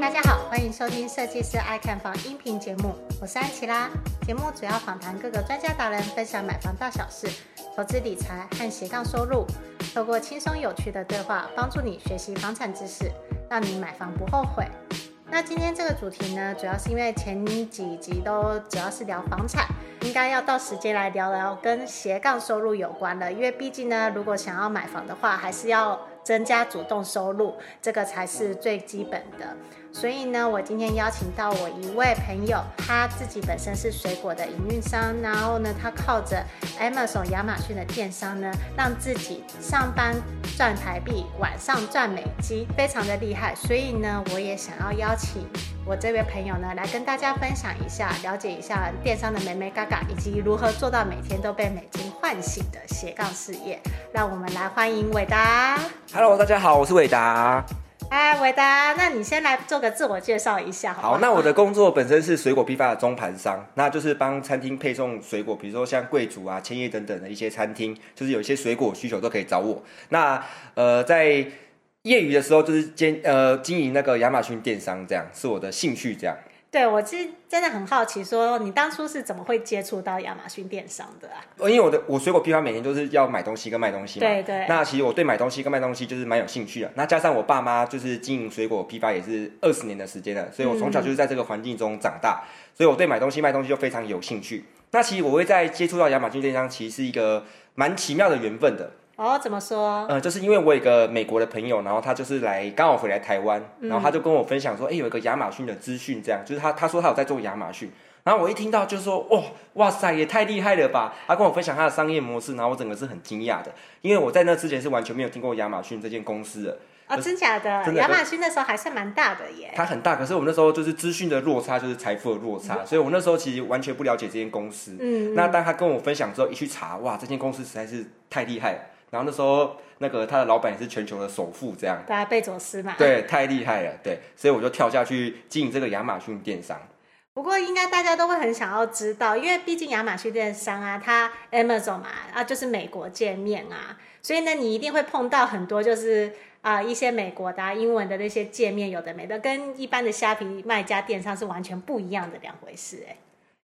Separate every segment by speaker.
Speaker 1: 大家好，歡迎收聽設計師愛看房音頻節目，我是安琪拉。節目主要訪談各個專家達人，分享買房大小事、投資理財和斜槓收入，透過輕鬆有趣的對話，幫助你學習房產知識，讓你買房不後悔。那今天這個主題呢，主要是因為前幾集都主要是聊房產。應該要到時間來聊聊跟斜槓收入有關的，因為畢竟呢，如果想要買房的話，還是要增加主動收入，這個才是最基本的。所以呢，我今天邀請到我一位朋友，他自己本身是水果的營運商，然後呢，他靠着 Amazon 亞馬遜的電商呢，讓自己上班賺台幣，晚上賺美金，非常的厲害。所以呢，我也想要邀請我這位朋友呢，來跟大家分享一下，了解一下電商的眉眉角角，以及如何做到每天都被美金喚醒的斜槓事業。讓我們來歡迎韋達。
Speaker 2: Hello，大家好，我是韋達。
Speaker 1: 哎，韋達，啊，那你先來做個自我介紹一下，好，好。那我
Speaker 2: 的工作本身是水果批發的中盤商，那就是幫餐廳配送水果，比如說像貴族啊、千葉等等的一些餐廳，就是有一些水果需求都可以找我。那呃，在業餘的時候就是兼呃經營那個亞馬遜電商，這樣是我的興趣，這樣。
Speaker 1: 對我是真的很好奇說，說你當初是怎麼會接觸到亞馬遜電商的啊？
Speaker 2: 因為我的我水果批發每天就是要買東西跟賣東西嘛。對對。那其實我對買東西跟賣東西就是蠻有興趣的。那加上我爸媽就是經營水果批發也是二十年的時間了，所以我從小就是在這個環境中長大，嗯、所以我對買東西賣東西就非常有興趣。那其實我會在接觸到亞馬遜電商，其實是一個蠻奇妙的緣分的。
Speaker 1: 哦，oh，怎麼說？
Speaker 2: 嗯、呃，就是因為我有一個美國的朋友，然後他就是來剛好回來台灣，嗯、然後他就跟我分享說，哎、欸，有一個亞馬遜的資訊，這樣就是他他說他有在做亞馬遜，然後我一聽到就說，哇、哦、哇塞，也太厲害了吧！他跟我分享他的商業模式，然後我整個是很驚訝的，因為我在那之前是完全沒有聽過亞馬遜這間公司的、哦、真
Speaker 1: 假的，的亞馬遜那時候還是蠻大的
Speaker 2: 耶。他很大，可是我們那時候就是資訊的落差，就是財富的落差，嗯、所以我那時候其實完全不了解這間公司。嗯，嗯，那當他跟我分享之後，一去查，哇，這間公司實在是太厲害。然後那時候，那個他的老板也是全球的首富，這樣。
Speaker 1: 大家、啊、貝佐斯嘛。對，
Speaker 2: 太厲害了，對，所以我就跳下去進這個亞馬遜電商。
Speaker 1: 不過，應該大家都會很想要知道，因為畢竟亞馬遜電商啊，它 Amazon 嘛、啊，啊，就是美國界面啊，所以呢，你一定會碰到很多就是啊、呃、一些美國的、啊、英文的那些界面，有的沒的，跟一般的蝦皮賣家電商是完全不一樣的兩回事、欸。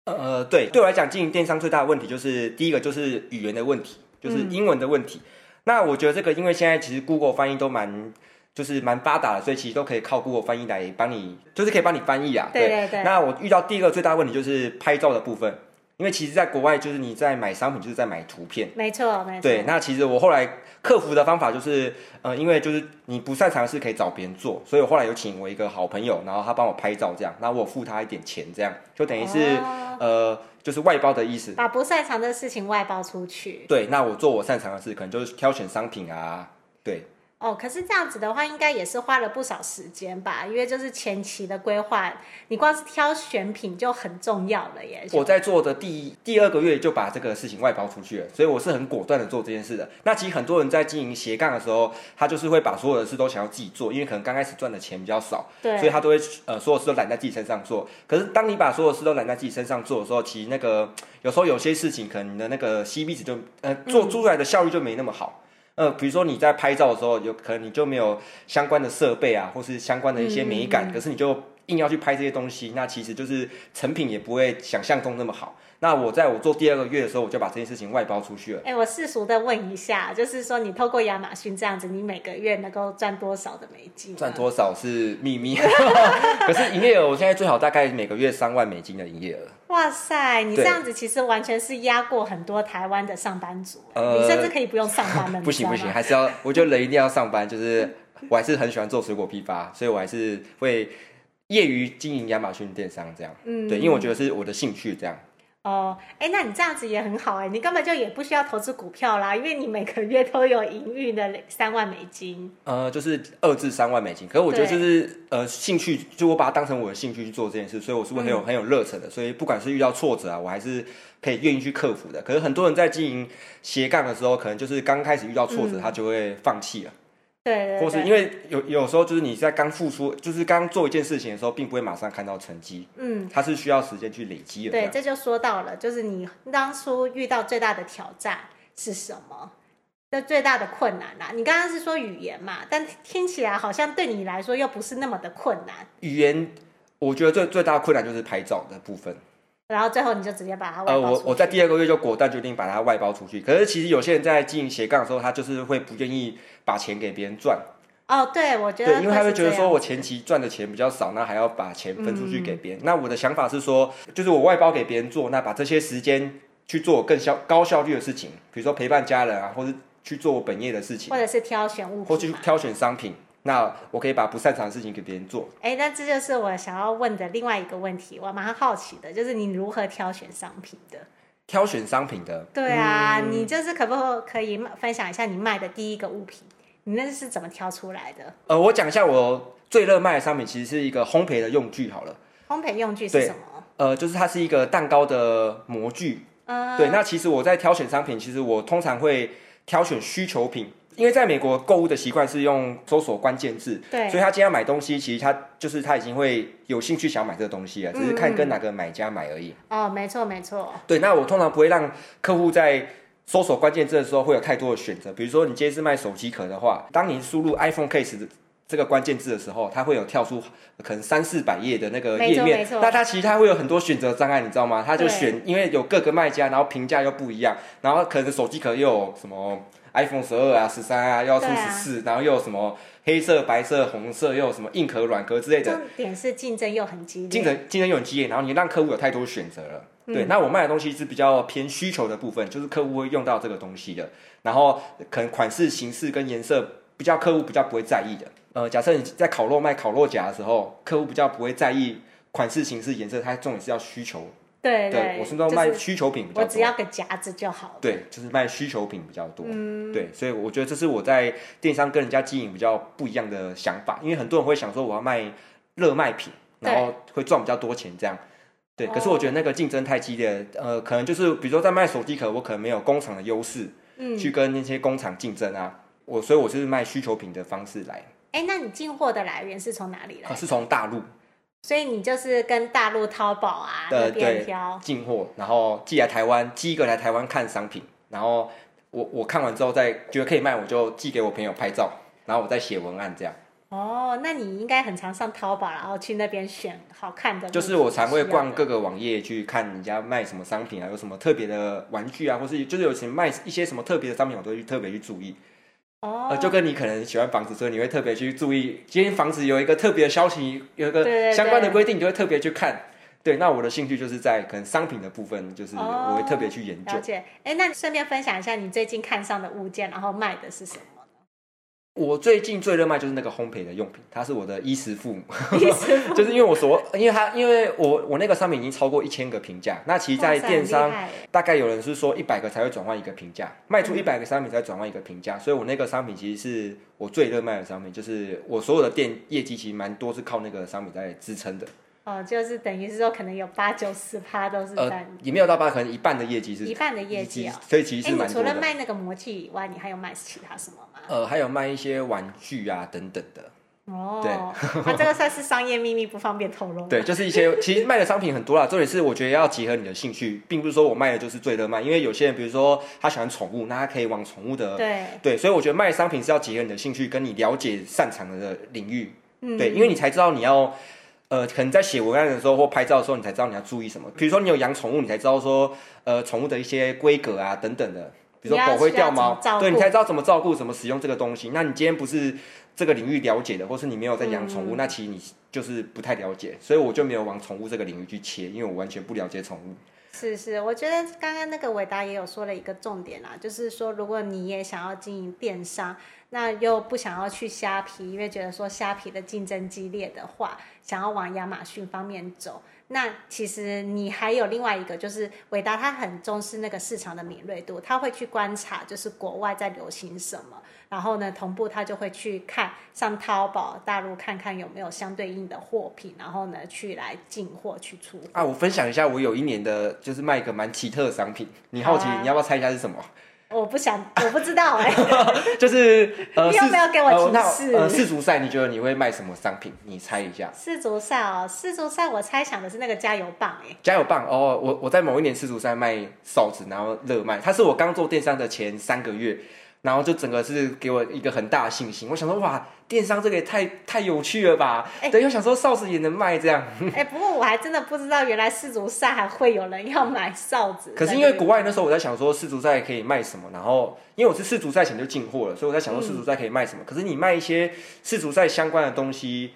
Speaker 2: 呃，對，對我來講，經營電商最大的問題就是第一個就是語言的問題。就是英文的問題，嗯、那我覺得這個，因為現在其實 Google 翻譯都蠻，就是蠻發達的，所以其實都可以靠 Google 翻譯來幫你，就是可以幫你翻譯啊。對對對。那我遇到第一個最大問題就是拍照的部分，因為其實，在國外就是你在買商品就是在買圖片。
Speaker 1: 沒錯錯，沒錯。對，錯那
Speaker 2: 其實我後來克服的方法就是，呃，因為就是你不擅長是可以找別人做，所以我後來有請我一個好朋友，然後他幫我拍照這樣，然後我付他一點錢這樣，就等於是、哦、呃。就是外包的意思，把
Speaker 1: 不擅長的事情外包出去。
Speaker 2: 對，那我做我擅長的事，可能就是挑選商品啊，對。
Speaker 1: 哦，可是這樣子的話，應該也是花了不少時間吧？因為就是前期的規劃，你光是挑選品就很重要了耶。我
Speaker 2: 在做的第一、第二個月就把這個事情外包出去了，所以我是很果斷的做這件事的。那其實很多人在經營斜槓的時候，他就是會把所有的事都想要自己做，因為可能剛開始賺的錢比較少，對，所以他都會呃所有事都攬在自己身上做。可是當你把所有事都攬在自己身上做的時候，其實那個有時候有些事情可能你的那個 CP 值就呃做出來的效率就沒那麼好。嗯呃，比如說你在拍照的時候，有可能你就沒有相關的設備啊，或是相關的一些美感，嗯嗯嗯，可是你就硬要去拍這些東西，那其實就是成品也不會想象中那麼好。那我在我做第二個月的時候，我就把這件事情外包出去了。
Speaker 1: 哎、欸，我世俗的問一下，就是說你透過亞馬遜這樣子，你每個月能夠賺多少的美金？
Speaker 2: 賺多少是秘密， 可是營業額，我現在最好大概每個月三萬美金的營業額。
Speaker 1: 哇塞，你這樣子其實完全是壓過很多台灣的上班族，呃、你甚至可以不用上班了。 不行不行，還
Speaker 2: 是要我覺得人一定要上班，就是我還是很喜歡做水果批發，所以我還是會業餘經營亞馬遜電商這樣。嗯，嗯，對，因為我覺得是我的興趣這樣。
Speaker 1: 哦，哎、欸，那你這樣子也很好，哎、欸，你根本就也不需要投資股票啦，因為你每個月都有盈餘的三萬美金。
Speaker 2: 呃，就是二至三萬美金。可是我覺得就是對呃興趣，就我把它當成我的興趣去做這件事，所以我是不是很有很有熱忱的。嗯、所以不管是遇到挫折啊，我還是可以願意去克服的。可是很多人在經營斜槓的時候，可能就是剛開始遇到挫折，他就會放棄了。嗯
Speaker 1: 對，對，或是因為
Speaker 2: 有有時候，就是你在剛付出，就是剛做一件事情的時候，並不會馬上看到成績。嗯，它是需要時間去累積的。對，
Speaker 1: 這就說到了，就是你當初遇到最大的挑戰是什麼？那最大的困難呢？啊？你剛剛是說語言嘛，但聽起來好像對你來說又不是那麼的困難。
Speaker 3: 語
Speaker 2: 言，我覺得最最大的困難就是拍照的部分。
Speaker 1: 然後最後你就直接把它外包。呃，我
Speaker 2: 我在第二個月就果斷決定把它外包出去。可是其實有些人在進行斜槓的時候，他就是會不願意把錢給別人賺。
Speaker 1: 哦，對，我覺得，對，因為他會覺得說，我
Speaker 2: 前期賺的錢比較少，那還要把錢分出去給別人。嗯、那我的想法是說，就是我外包給別人做，那把這些時間去做更效高效率的事情，比如說陪伴家人啊，或者去做我本業的事情，或
Speaker 1: 者是挑選物，或去挑
Speaker 2: 選商品。那我可以把不擅長的事情給別人做。哎、
Speaker 1: 欸，那這就是我想要問的另外一個問題，我蠻好奇的，就是你如何挑選商品的？
Speaker 2: 挑選商品的，對啊，嗯、你
Speaker 1: 就是可不可以分享一下你賣的第一個物品？你那是怎麼挑出來的？
Speaker 2: 呃，我講一下我最熱賣的商品，其實是一個烘焙的用具好了。
Speaker 1: 烘焙用具是什麼？
Speaker 2: 呃，就是它是一個蛋糕的模具。嗯。對，那其實我在挑選商品，其實我通常會挑選需求品。因為在美國購物的習慣是用搜索關鍵字，對所以他今天要買東西，其實他就是他已經會有興趣想買這個東西了，嗯嗯。只是看跟哪個買家買而已。
Speaker 1: 哦，沒錯，沒錯。
Speaker 2: 對，那我通常不會讓客戶在搜索關鍵字的時候會有太多的選擇。比如說，你今天是賣手機殼的話，當你輸入 iPhone case 這個關鍵字的時候，它會有跳出可能三四百頁的那個頁面，那它其實它會有很多選擇障礙，你知道嗎？它就選，對因為有各個賣家，然後評價又不一樣，然後可能手機殼又有什麼？iPhone 十二啊，十三啊要出十四，啊14，啊、然後又有什麼黑色、白色、紅色，又有什麼硬殼、軟殼之類的。重點
Speaker 1: 是競爭又很激烈。競爭
Speaker 2: 競爭又很激烈，然後你讓客戶有太多選擇了。嗯、對，那我賣的東西是比較偏需求的部分，就是客戶會用到這個東西的。然後可能款式、形式跟顏色，比較客戶比較不會在意的。呃，假設你在烤肉賣烤肉夾的時候，客戶比較不會在意款式、形式、顏色，它重點是要需求。
Speaker 1: 對，對，對，對，我是在賣需
Speaker 2: 求品比較多，我只要
Speaker 1: 個夾子就好了。
Speaker 2: 對，就是賣需求品比較多。嗯，對，所以我覺得這是我在電商跟人家經營比較不一樣的想法，因為很多人會想說，我要賣熱賣品，然後會賺比較多錢這樣。對，對，可是我覺得那個競爭太激烈，哦、呃，可能就是比如說在賣手機殼，我可能沒有工廠的優勢，嗯，去跟那些工廠競爭啊。我所以，我就是賣需求品的方式來。
Speaker 1: 哎、欸，那你進貨的來源是從哪裡來、啊？是從大陸。所以你就是跟大陸淘寶啊，對、呃、那邊挑，對，
Speaker 2: 進貨，然後寄來台灣，寄一個來台灣看商品，然後我我看完之後再覺得可以賣，我就寄給我朋友拍照，然後我再寫文案這樣。
Speaker 1: 哦，那你應該很常上淘寶，然後去那邊選好看的、的。就是我常會逛
Speaker 2: 各個網頁去看人家賣什麼商品啊，有什麼特別的玩具啊，或是就是有些賣一些什麼特別的商品，我都會去特別去注意。哦，oh, 就跟你可能喜歡房子，所以你會特別去注意。今天房子有一個特別的消息，有一個相關的規定，對對對，你就會特別去看。對，那我的興趣就是在可能商品的部分，就是我會特別去研究。Oh,
Speaker 1: 了解。哎，那你順便分享一下你最近看上的物件，然後賣的是什麼？
Speaker 2: 我最近最熱賣就是那個烘焙的用品，它是我的衣食父母， 就是因為我所，因為它因為我我那個商品已經超過一千個評價，那其實，在電商大概有人是說一百個才會轉換一個評價，賣出一百個商品才轉換一個評價，所以我那個商品其實是我最熱賣的商品，就是我所有的店業績其實蠻多是靠那個商品在支撐的。
Speaker 1: 呃、哦，就是等於是說，可能有八九十趴都是在、呃，也
Speaker 2: 沒有到八，可能一半的業績是，一半的業績啊、哦。所以其實是蠻多的。欸，你
Speaker 1: 除了賣
Speaker 2: 那個模器以外，你還有賣其他什麼嗎？呃，還有賣一些玩具啊，等等的。哦，
Speaker 1: 對，那、啊、這個算是商業秘密，不方便透露。 對，
Speaker 2: 就是一些其實賣的商品很多啦。重點是我覺得要結合你的興趣，並不是說我賣的就是最熱賣。因為有些人比如說他喜歡寵物，那他可以往寵物的對對，所以我覺得賣的商品是要結合你的興趣，跟你了解擅長的領域，嗯、對，因為你才知道你要。呃，可能在寫文案的時候或拍照的時候，你才知道你要注意什麼。比如說，你有養寵物，你才知道說，呃，寵物的一些規格啊等等的。比如說狗會掉毛，對，你才知道怎麼照顧、怎麼使用這個東西。那你今天不是這個領域了解的，或是你沒有在養寵物，嗯嗯，那其實你就是不太了解，所以我就沒有往寵物這個領域去切，因為我完全不了解寵物。
Speaker 1: 是是，我覺得剛剛那個韋達也有說了一個重點啦，就是說，如果你也想要經營電商。那又不想要去蝦皮，因為覺得說蝦皮的競爭激烈的話，想要往亞馬遜方面走。那其實你還有另外一個，就是偉達他很重視那個市場的敏銳度，他會去觀察，就是國外在流行什麼，然後呢同步他就會去看上淘寶大陸看看有沒有相對應的貨品，然後呢去來進貨去出。
Speaker 2: 啊，我分享一下，我有一年的就是賣一個蠻奇特的商品，你好奇、啊、你要不要猜一下是什麼？
Speaker 1: 我不想，我不知道哎、
Speaker 2: 欸， 就是呃，你有沒有給我提示？呃，呃、世足賽，你覺得你會賣什麼商品？你猜一下
Speaker 1: 世足賽哦，世足賽我猜想的是那個加油棒
Speaker 2: 哎、欸，加油棒哦，我我在某一年世足賽賣哨子，然後熱賣，它是我剛做電商的前三個月。然後就整個是給我一個很大的信心，我想說哇，電商這個也太太有趣了吧？等一下想說哨子也能賣這樣。哎、欸，
Speaker 1: 不過我還真的不知道，原來世足賽還會有人要買哨子。可是因為國
Speaker 2: 外那時候我在想說世足賽可以賣什麼，然後因為我是世足賽前就進貨了，所以我在想說世足賽可以賣什麼。嗯、可是你賣一些世足賽相關的東西，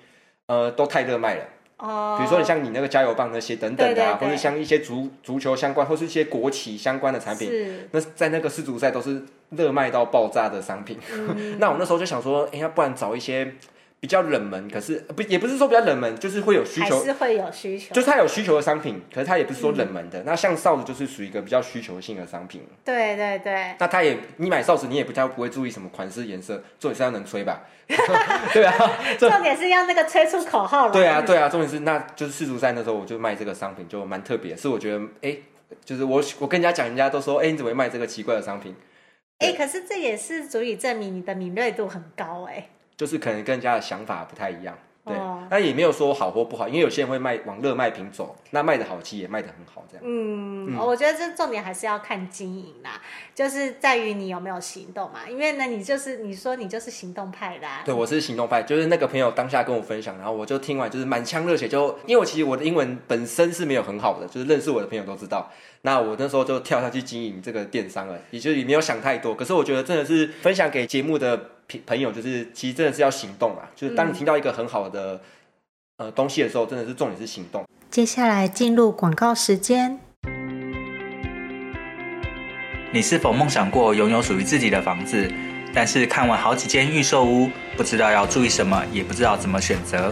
Speaker 2: 呃，都太熱賣了。哦，比如說你像你那個加油棒那些等等的、啊，對對對，或者像一些足足球相關，或是一些國旗相關的產品，是那在那個世足賽都是熱賣到爆炸的商品。 那我那時候就想說，哎、欸，要不然找一些，比較冷門，可是不也不是說比較冷門，就是會有需求，是會有
Speaker 1: 需求，就是
Speaker 2: 它有需求的商品，對可是它也不是說冷門的。嗯、那像哨子就是屬於一個比較需求性的商品。對
Speaker 1: 對對。
Speaker 2: 那它也，你買哨子，你也不太不會注意什麼款式、顏色，重點是要能吹吧？ 對啊。
Speaker 1: 重點是要那個吹出口號了、啊。對啊對啊，
Speaker 2: 重點是，那就是世足賽的時候，我就賣這個商品，就蠻特別。是我覺得，哎、欸，就是我我跟人家講，人家都說，哎、欸，你怎麼會賣這個奇怪的商品？哎、
Speaker 1: 欸，對可是這也是足以證明你的敏銳度很高哎、欸。
Speaker 2: 就是可能跟人家的想法不太一樣，對，那、哦、也沒有說好或不好，因為有些人會賣往熱賣品走，那賣的好其實也賣得很好，這
Speaker 1: 樣。嗯，嗯我覺得這重點還是要看經營啦，就是在於你有沒有行動嘛，因為呢，你就是你說你就是行動派啦。對，我
Speaker 2: 是行動派，就是那個朋友當下跟我分享，然後我就聽完就是滿腔熱血，就因為我其實我的英文本身是沒有很好的，就是認識我的朋友都知道。那我那時候就跳下去經營這個電商了，也就也沒有想太多。可是我覺得真的是分享給節目的朋友，就是其實真的是要行動啊！嗯、就是當你聽到一個很好的、呃、東西的時候，
Speaker 3: 真的是重點是行動。
Speaker 1: 接下來進入廣告時間。
Speaker 3: 你是否夢想過擁有屬於自己的房子？但是看完好幾間預售屋，不知道要注意什麼，也不知道怎麼選擇。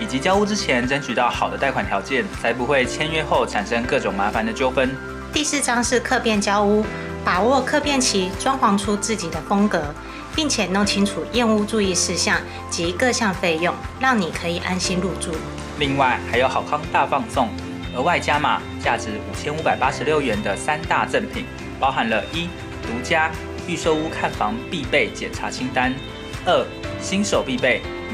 Speaker 3: 以及交屋之前爭取到好的貸款條件，才不會簽約後產生各種麻煩的糾紛。
Speaker 1: 第四章是客變交屋，把握客變期，裝潢出自己的風格，並且弄清楚驗屋注意事項及各項費用，讓你可以安心入住。
Speaker 3: 另外還有好康大放送，額外加碼價值五千五百八十六元的三大贈品，包含了：一、獨家預售屋看房必備檢查清單；二、新手必備。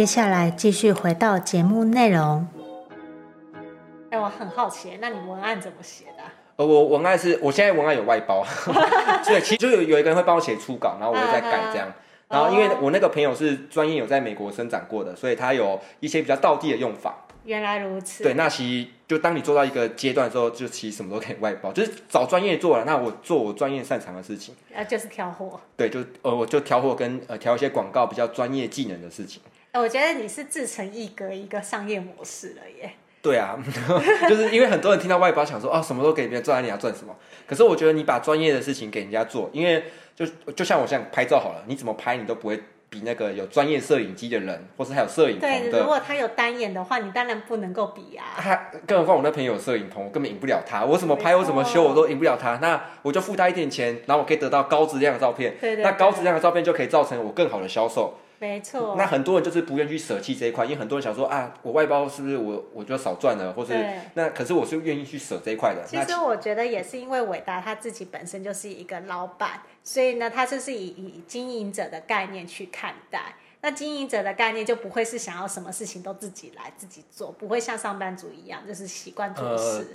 Speaker 1: 接下來繼續回到節目內容。哎、欸，我很好奇，那你文案怎麼寫
Speaker 2: 的？呃，我文案是我現在文案有外包， 所以其實就有有一個人會幫我寫初稿，然後我會再改這樣。啊、然後因為我那個朋友是專業有在美國生長過的，哦、所以他有一些比較道地的用法。
Speaker 1: 原來如此。對，那
Speaker 2: 其實就當你做到一個階段的時候，就其實什麼都可以外包，就是找專業做了。那我做我專業擅長的事情，那、
Speaker 1: 啊、就是挑
Speaker 2: 貨。對，就呃我就挑貨跟呃挑一些廣告比較專業技能的事情。
Speaker 1: 我覺得你是自成一格一個商業模式了耶。
Speaker 2: 對啊，就是因為很多人聽到外包，想說啊、 哦，什麼都給別人賺你要賺什麼？可是我覺得你把專業的事情給人家做，因為就就像我這樣拍照好了，你怎麼拍你都不會比那個有專業攝影機的人，或是還有攝影的。對，如果
Speaker 1: 他有單眼的話，你當然不能夠比啊。
Speaker 2: 他、啊、更何況我那朋友有攝影棚，我根本贏不了他。我怎麼拍錯我怎麼修我都贏不了他。那我就付他一點錢，然後我可以得到高質量的照片。對，對對。那高質量的照片就可以造成我更好的銷售。
Speaker 1: 沒錯，那很
Speaker 2: 多人就是不願意去捨棄這一塊，因為很多人想說啊，我外包是不是我我就少賺了，或是對那可是我是願意去舍這一塊的。其實
Speaker 1: 那我覺得也是因為韋達他自己本身就是一個老板，所以呢，他就是以以經營者的概念去看待。那經營者的概念就不會是想要什麼事情都自己來，自己做，不會像上班族一樣就是習慣做事。呃、
Speaker 2: 是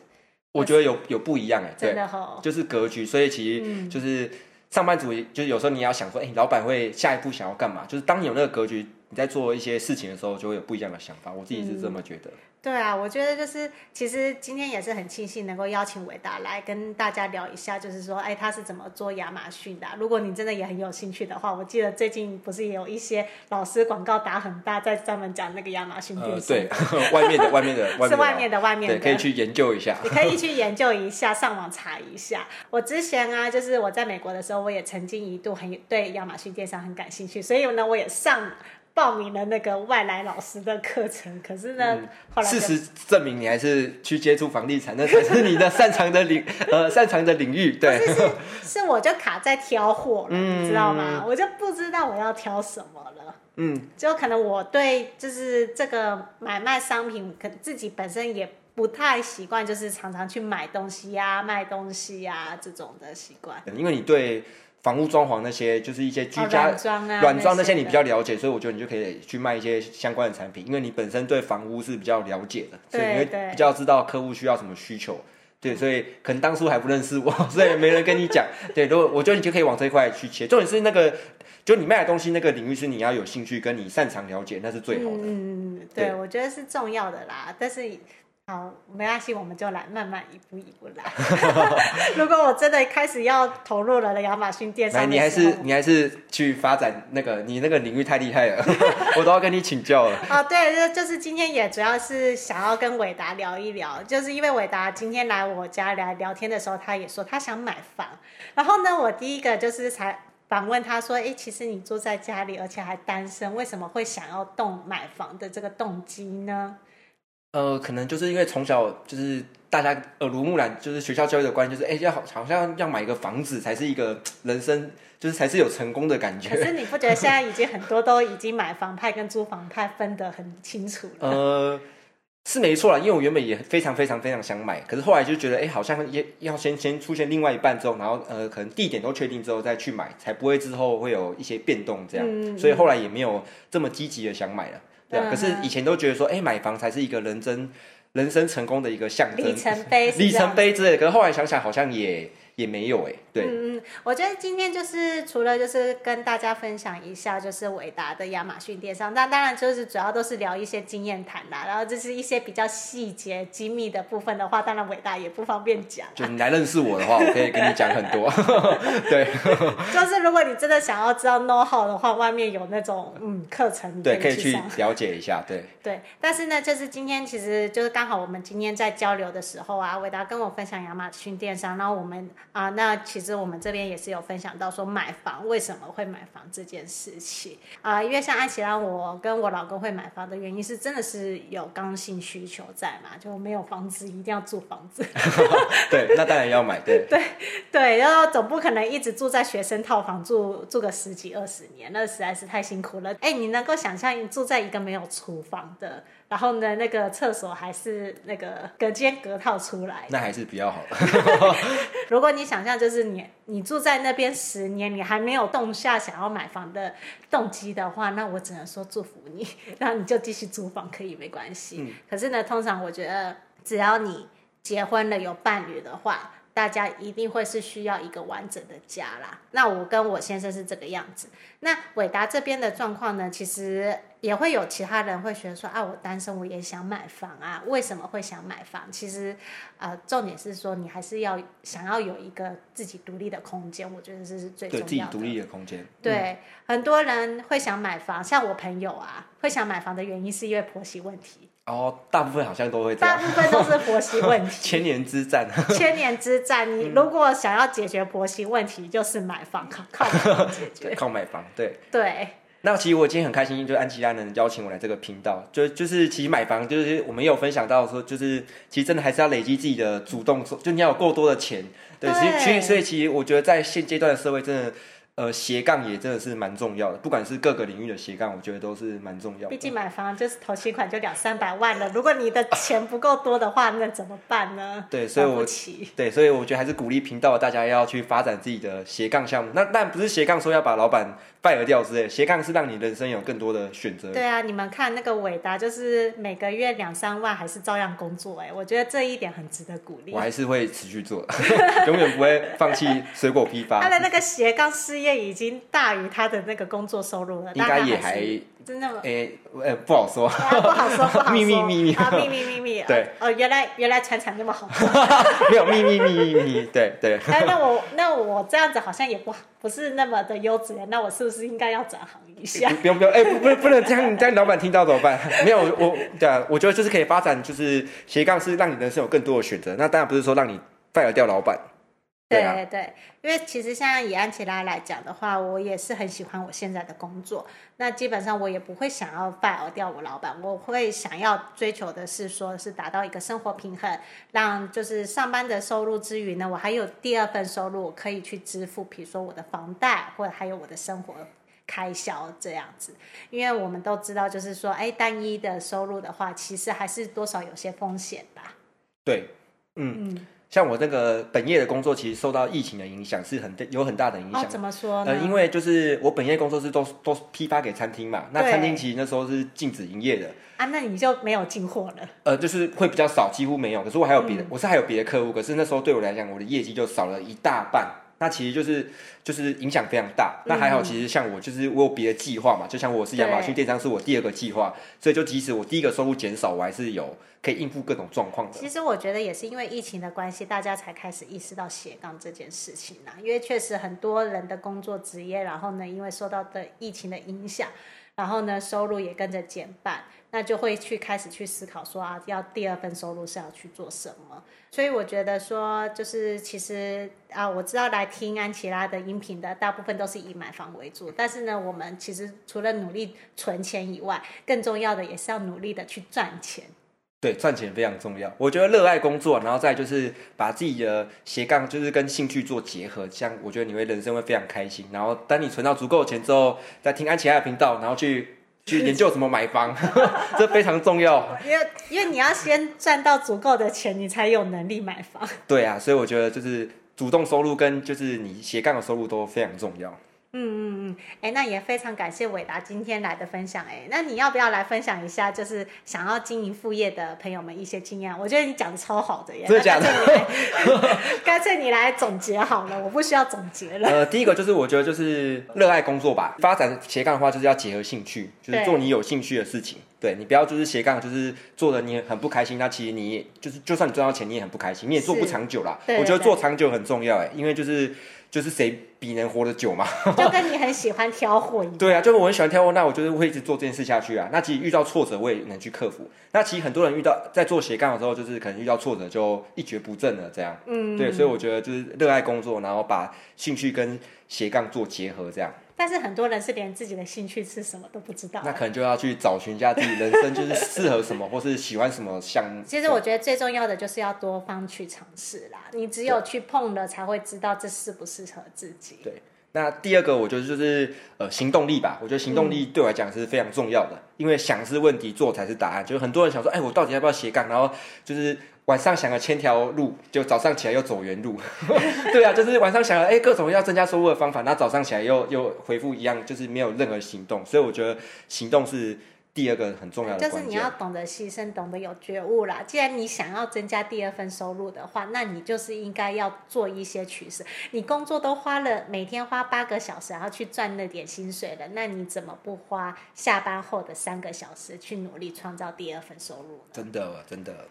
Speaker 2: 我覺得有有不一樣哎，真的哈、哦，就是格局。所以其實就是。嗯上班族就是有時候你要想說，哎、欸，老闆會下一步想要幹嘛？就是當你有那個格局。你在做一些事情的時候，就會有不一樣的想法。我自己是這麼覺得。嗯、
Speaker 1: 對啊，我覺得就是其實今天也是很慶幸能夠邀請韋達來跟大家聊一下，就是說，哎，他是怎麼做亞馬遜的、啊？如果你真的也很有興趣的話，我記得最近不是也有一些老師廣告打很大，在專門講那個亞馬遜電商、呃。對呵呵，
Speaker 2: 外面的，外面的， 是外面的，外面的，哦、可以去研究一下。你可以去
Speaker 1: 研究一下，上網查一下。我之前啊，就是我在美國的時候，我也曾經一度很對亞馬遜電商很感興趣，所以呢，我也上。報名了那個外來老師的課程，可是呢，嗯、
Speaker 2: 後來事實證明你還是去接觸房地產，那才是你的擅長的領 呃擅長的領域。對
Speaker 1: 是是，是我就卡在挑貨了，嗯、你知道嗎？我就不知道我要挑什麼
Speaker 2: 了。嗯，
Speaker 1: 就可能我對就是這個買賣商品，可能自己本身也不太習慣，就是常常去買東西呀、啊、賣東西呀、啊、這種的習慣。
Speaker 2: 嗯、因為你對。房屋裝潢那些，就是一些居家裝啊，軟裝那些，你比較了解，所以我覺得你就可以去賣一些相關的產品，因為你本身對房屋是比較了解的，對所以你會比較知道客戶需要什麼需求。對，對，所以可能當初還不認識我，所以沒人跟你講。 對，如果我覺得你就可以往這一塊去切。重點是那個，就你賣的東西那個領域是你要有興趣跟你擅長了解，那是最好的。嗯，
Speaker 1: 對，對我覺得是重要的啦，但是。好，沒關係，我們就來慢慢一步一步來。 如果我真的開始要投入了亞馬遜電商那，那你還是
Speaker 2: 你還是去發展那個，你那個領域太厲害了， 我都要跟你請教了。
Speaker 1: 哦，對，就就是今天也主要是想要跟韋達聊一聊，就是因為韋達今天來我家來聊天的時候，他也說他想買房。然後呢，我第一個就是才反問他說，哎、欸，其實你住在家裡，而且還單身，為什麼會想要動買房的這個動機呢？
Speaker 2: 呃，可能就是因為從小就是大家耳濡目染，就是學校教育的觀念，就是哎、欸，要好，好像要買一個房子才是一個人生，就是才是有成功的感覺。可是你
Speaker 1: 不覺得現在已經很多都已經買房派跟租房派分得很清楚了？呃，
Speaker 2: 是沒錯啦，因為我原本也非常非常非常想買，可是後來就覺得，哎、欸，好像也要先先出現另外一半之後，然後呃，可能地點都確定之後再去買，才不會之後會有一些變動這樣。嗯、所以後來也沒有這麼積極的想買了。對，可是以前都覺得說，哎，買房才是一個人生人生成功的一個象徵、里程
Speaker 1: 碑、里程
Speaker 2: 碑之類的。可是後來想想，好像也也沒有哎、欸，對，嗯
Speaker 1: 嗯，我覺得今天就是除了就是跟大家分享一下就是偉達的亞馬遜電商，那當然就是主要都是聊一些經驗談啦。然後就是一些比較細節機密的部分的話，當然偉達也不方便講。
Speaker 2: 就你來認識我的話，我可以跟你講很多。 對，
Speaker 1: 就是如果你真的想要知道 know how 的話，外面有那種嗯課程，對，可以去
Speaker 2: 了解一下。對，
Speaker 1: 對，但是呢，就是今天其實就是剛好我們今天在交流的時候啊，偉達跟我分享亞馬遜電商，然後我們。啊、呃，那其實我們這邊也是有分享到說買房為什麼會買房這件事情啊、呃，因為像安琪拉，我跟我老公會買房的原因是真的是有剛性需求在嘛，就沒有房子一定要住房子。
Speaker 2: 對，那當然要買，對。對
Speaker 1: 對，然後總不可能一直住在學生套房住住個十幾二十年，那實在是太辛苦了。哎，你能夠想象你住在一個沒有廚房的？然後呢，那個廁所還是那個隔間隔套出來，
Speaker 2: 那還是比較好。
Speaker 1: 如果你想象就是你你住在那邊十年，你還沒有動下想要買房的動機的話，那我只能說祝福你，那你就繼續租房可以沒關係。嗯、可是呢，通常我覺得只要你結婚了有伴侶的話，大家一定會是需要一個完整的家啦。那我跟我先生是這個樣子。那韋達這邊的狀況呢，其實。也會有其他人會覺得說啊，我單身，我也想買房啊。為什麼會想買房？其實，呃，重點是說你還是要想要有一個自己獨立的空間。我覺得這是最重要的。對，自己獨
Speaker 2: 立的空間。
Speaker 1: 對，嗯。很多人會想買房，像我朋友啊，會想買房的原因是因為婆媳問
Speaker 2: 題。哦，大部分好像都會這樣。大部分都是婆媳問題。 千年之戰，
Speaker 1: 千年之戰。你如果想要解決婆媳問題，就是買房靠靠房解
Speaker 2: 決， 靠買房對對。對那其實我今天很開心，就是安琪拉能邀請我來這個頻道，就就是其實買房，就是我們也有分享到說，就是其實真的還是要累積自己的主動做，就你要有夠多的錢，對，所以對所以其實我覺得在現階段的社會，真的，呃，斜槓也真的是蠻重要的，不管是各個領域的斜槓，我覺得都是蠻重要。畢
Speaker 1: 竟買房就是頭期款就兩三百萬了，如果你的錢不夠多的話，啊、那怎麼辦呢？對，
Speaker 2: 所以我對，所以我覺得還是鼓勵頻道大家要去發展自己的斜槓項目。那但不是斜槓，說要把老板。拜而掉之類，斜槓是讓你人生有更多的選擇。對
Speaker 1: 啊，你們看那個偉達，就是每個月兩三萬，還是照樣工作。哎，我覺得這一點很值得鼓勵。我還
Speaker 2: 是會持續做，永遠不會放棄水果批發。他的那
Speaker 1: 個斜槓事業已經大於他的那個工作收入了，應該也還真的嗎？
Speaker 2: 哎哎，不好說，不好說，不好。秘密秘密啊，秘密
Speaker 1: 秘密。對哦，原來原來產產那麼好，
Speaker 2: 沒有秘密秘密秘密。對對。
Speaker 1: 哎，那我那我這樣子好像也不好。不是那麼的優質，那我是不是應該要轉行一下？不
Speaker 2: 用不用，哎，不不不，不能這樣，你這樣老板聽到怎麼辦？ 沒有我，對啊，我覺得就是可以發展，就是斜槓，是讓你人生有更多的選擇。那當然不是說讓你 fire 掉老板。對、啊、對
Speaker 1: 對，因為其實像以安琪拉來講的話，我也是很喜歡我現在的工作。那基本上我也不會想要 fire 掉我老板，我會想要追求的是說，說是達到一個生活平衡，讓就是上班的收入之餘呢，我還有第二份收入可以去支付，比如說我的房貸，或者還有我的生活開銷這樣子。因為我們都知道，就是說，哎，單一的收入的話，其實還是多少有些風險吧。
Speaker 2: 對，嗯嗯。像我這個本業的工作，其實受到疫情的影響是很有很大的影響
Speaker 1: 的、哦。怎麼說？呃，因
Speaker 2: 為就是我本業工作是都都批發給餐廳嘛，對那餐廳其實那時候是禁止營業的。
Speaker 1: 啊，那你就沒有進貨了？
Speaker 2: 呃，就是會比較少，幾乎沒有。可是我還有別的，嗯、我是還有別的客戶，可是那時候對我來講，我的業績就少了一大半。那其實就是就是影響非常大，但還好，其實像我就是我有別的計劃嘛，嗯、就像我是亞馬遜電商是我第二個計劃，對所以就即使我第一個收入減少，我還是有可以應付各種狀況的。其
Speaker 1: 實我覺得也是因為疫情的關係，大家才開始意識到斜槓這件事情啊，因為確實很多人的工作職業，然後呢，因為受到的疫情的影響，然後呢，收入也跟着減半。那就會去開始去思考說啊，要第二份收入是要去做什麼？所以我覺得說，就是其實啊，我知道來聽安琪拉的音頻的大部分都是以買房為主，但是呢，我們其實除了努力存錢以外，更重要的也是要努力的去賺錢。
Speaker 2: 對，賺錢非常重要。我覺得熱愛工作，然後再就是把自己的斜槓，就是跟興趣做結合，這樣我覺得你會人生會非常開心。然後，當你存到足夠的錢之後，再聽安琪拉的頻道，然後去。去研究怎麼買房， 這非常重要。
Speaker 1: 因為因為你要先賺到足夠的錢， 你才有能力買房。
Speaker 2: 對啊，所以我覺得就是主動收入跟就是你斜槓的收入都非常重要。
Speaker 1: 嗯嗯嗯，哎、欸，那也非常感謝偉達今天來的分享、欸，哎，那你要不要來分享一下？就是想要經營副業的朋友們一些經驗。我覺得你講的超好的耶，樣的對。乾脆， 乾脆你來總結好了，我不需要總結了。呃，
Speaker 2: 第一個就是我覺得就是熱愛工作吧，發展斜槓的話就是要結合興趣，就是做你有興趣的事情。對，對你不要就是斜槓，就是做的你很不開心。那其實你也就是就算你賺到錢，你也很不開心，你也做不長久啦。對對對，我覺得做長久很重要、欸，哎，因為就是。就是誰比能活得久嘛？ 就跟
Speaker 1: 你很喜歡挑貨一樣。
Speaker 2: 對啊，就是我很喜歡挑貨，那我就是會一直做這件事下去啊。那其實遇到挫折我也能去克服。那其實很多人遇到在做斜槓的時候，就是可能遇到挫折就一蹶不振了這樣。嗯，對，所以我覺得就是熱愛工作，然後把興趣跟斜槓做結合這樣。
Speaker 1: 但是很多人是連自己的興趣是什麼都不知道，那可能
Speaker 2: 就要去找尋一下自己人生就是適合什麼， 或是喜歡什麼想。其
Speaker 1: 實我覺得最重要的就是要多方去嘗試啦，你只有去碰了，才會知道這適不適合自己
Speaker 2: 對。對，那第二個我覺得就是呃行動力吧，我覺得行動力對我來講是非常重要的，嗯、因為想是問題，做才是答案。就是很多人想說，哎、欸，我到底要不要斜槓？然後就是。晚上想了千條路，就早上起來又走原路。 對啊，就是晚上想了哎、欸、各種要增加收入的方法，那早上起來又又回復一樣，就是沒有任何行動。所以我覺得行動是第二個很重要的。就是你要
Speaker 1: 懂得犧牲，懂得有覺悟了。既然你想要增加第二份收入的話，那你就是應該要做一些取捨。你工作都花了每天花八個小時，然後去賺那點薪水了，那你怎麼不花下班後的三個小時去努力創造第二份
Speaker 2: 收入呢？真的啊，真的，真的。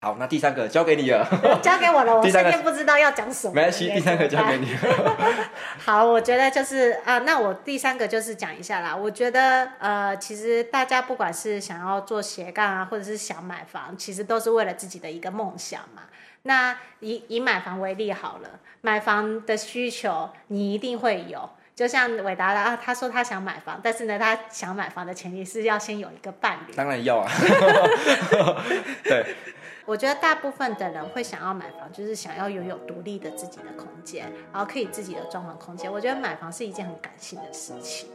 Speaker 2: 好，那第三個交給你了。 交
Speaker 1: 給我了，我今天不知道要講什麼。沒關係，第三個交給你
Speaker 3: 了。
Speaker 1: 好，我覺得就是啊，那我第三個就是講一下啦。我覺得呃，其實大家不管是想要做斜槓啊，或者是想買房，其實都是為了自己的一個夢想嘛。那以以買房為例好了，買房的需求你一定會有。就像韋達了啊，他說他想買房，但是呢，他想買房的前提是要先有一個伴侶。
Speaker 2: 當然要啊， 對。
Speaker 1: 我覺得大部分的人會想要買房，就是想要擁有獨立的自己的空間，然後可以自己的裝潢空間。我覺得買房是一件很感性的事情。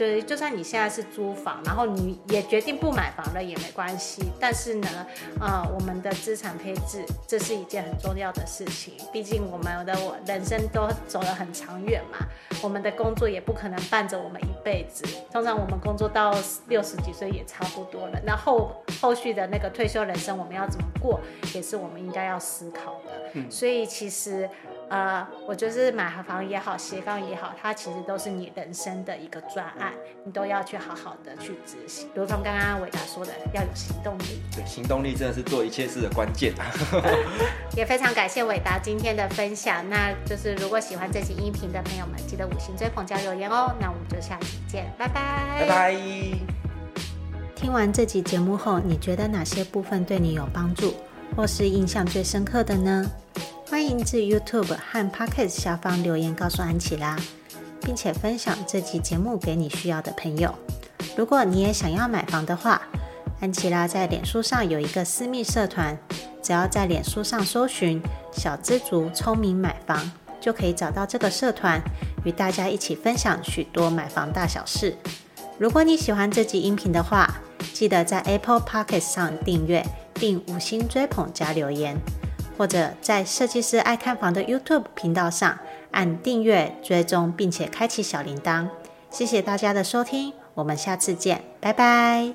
Speaker 1: 對，就算你現在是租房，然後你也決定不買房了也沒關係。但是呢，啊、呃，我們的資產配置，這是一件很重要的事情。畢竟我們的人生都走了很長遠嘛，我們的工作也不可能伴着我們一輩子。通常我們工作到六十幾歲也差不多了，那後後續的那個退休人生，我們要怎麼過，也是我們應該要思考的。所以其實。呃，我就是買房也好，斜槓也好，它其實都是你人生的一個專案，你都要去好好的去執行。如同剛剛韋達說的，要有行動力。
Speaker 2: 對，行動力真的是做一切事的關鍵。
Speaker 1: 也非常感謝韋達今天的分享。那就是如果喜歡這期音頻的朋友們，記得五星追捧加留言哦。那我們就下期見，拜拜。拜拜 bye。聽完這集節目後，你覺得哪些部分對你有幫助，或是印象最深刻的呢？歡迎至 YouTube 和 Pocket 下方留言告訴安琪拉，並且分享這集節目給你需要的朋友。如果你也想要買房的話，安琪拉在臉書上有一個私密社團，只要在臉書上搜尋“小資族聰明買房”，就可以找到這個社團，與大家一起分享許多買房大小事。如果你喜歡這集音頻的話，記得在 Apple Pocket 上訂閱，並五星追捧加留言。或者在設計師愛看房的 YouTube 頻道上按訂閱、追蹤，並且開啟小鈴鐺。謝謝大
Speaker 3: 家的收聽，我們下次見，拜拜。